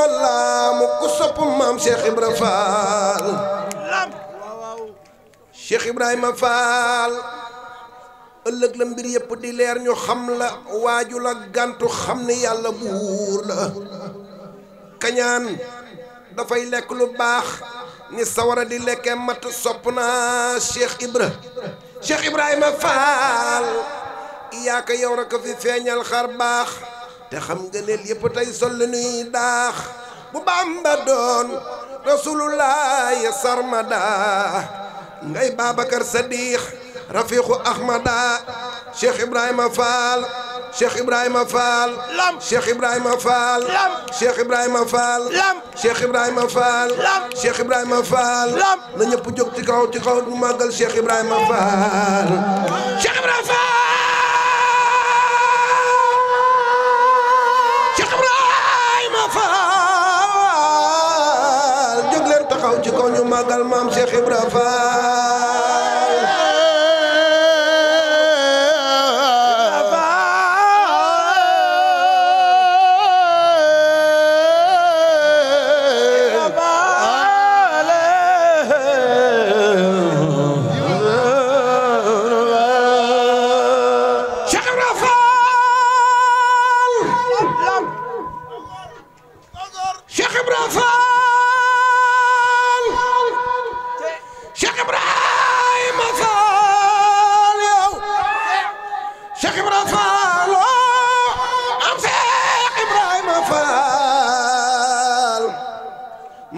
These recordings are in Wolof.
ma laamu Faal Ibrahima Faal ëllëg la mbir yépp di leer ñu xam la waaju la gàntu xam ni yàlla buur la kañaan dafay lekk lu baax ni sawara di lekkee mat sopp naa Cheikh Ibra Faal yaa ko yow rek fi feeñal xar baax te xam nga neel yëpp tey sol la nuy daax bu Bamba doon rasulullaay sarmada ngay Babacar Sadikh rafiqu ahmada Cheikh Ibrahima Fall Cheikh Ibrahima Fall lam Cheikh Ibrahima Fall lam Cheikh Ibrahima Fall lam Cheikh Ibrahima Fall lam ci kaw ci kaw du màggal Cheikh Ibrahima Fall Cheikh Ibrahima Fall jóg leen taxaw ci kaw ñu màggal maam Cheikh Ibrahima Fall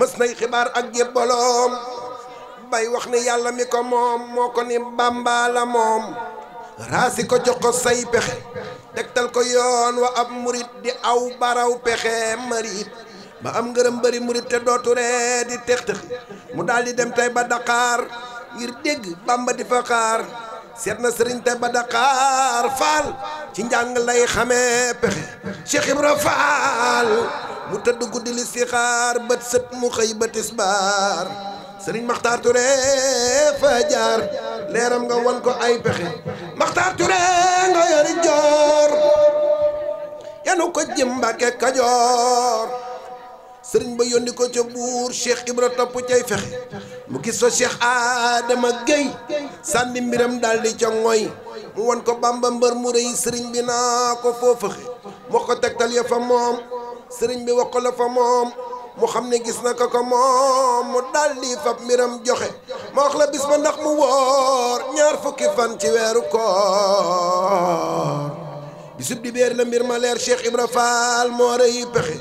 mës nay xibaar ak jébbaloom bay wax ni yàlla mi ko moom moo ko ni Bàmba moom raasi ko jox ko say pexe tegtal ko yoon wa ab murit di aw baraw pexe marit ba am ngërëm bëri murit te dooture di tex-tex mu daal di dem tey ba daqaar ngir dégg Bàmba di fa xaar seet na sëriñ tey ba Dakar faal ci njàng lay xamee pexe Cheikh Ibra Faal mu tëdd guddi li xaar bët sët mu xëy ba tisbaar sëriñ Maxtaar Touré fa jaar leeram nga won ko ay pexe Maxtaar Touré nga yori joor yanu ko jëm Mbàkke Kajoor sëriñ ba yónni ko ca buur Cheikh Ibra topp cay fexe mu gis ko Cheikh Adama Guèye sànni mbiram daal ca ngoy mu won ko Bàmba mbër mu rëy sëriñ bi naa ko foo fexe moo ko tegtal ya fa moom sëriñ bi wax la fa moom mu xam ne gis na ko ko moom mu daldi fab mbiram joxe ma wax la bis ndax mu woor ñaar fukki fan ci weeru koor bisub di béer la mbir ma leer Cheikh Ibra Fall moo rëy pexe